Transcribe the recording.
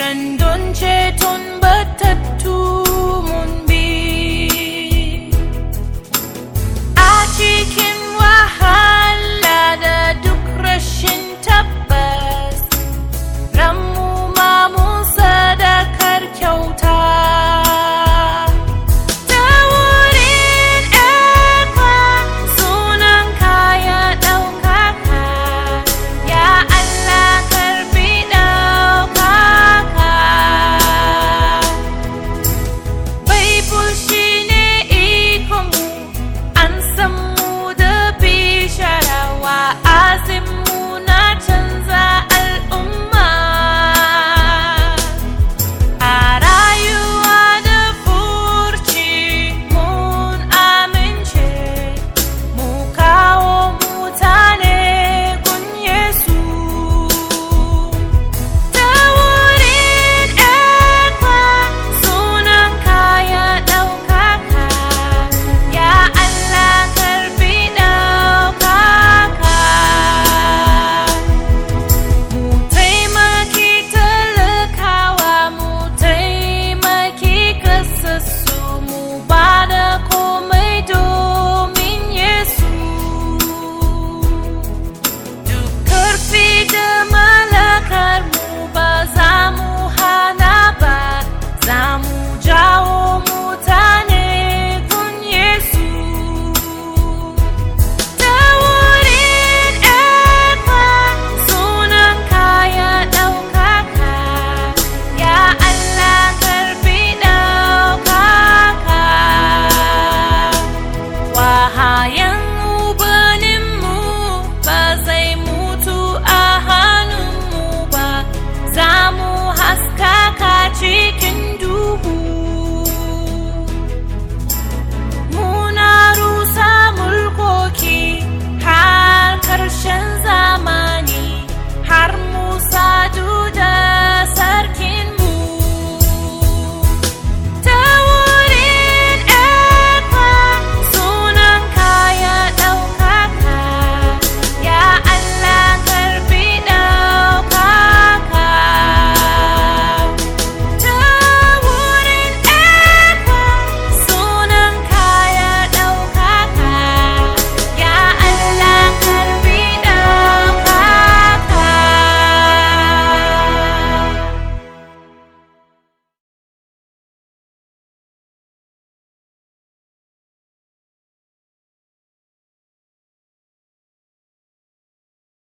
Kiran donce ton batat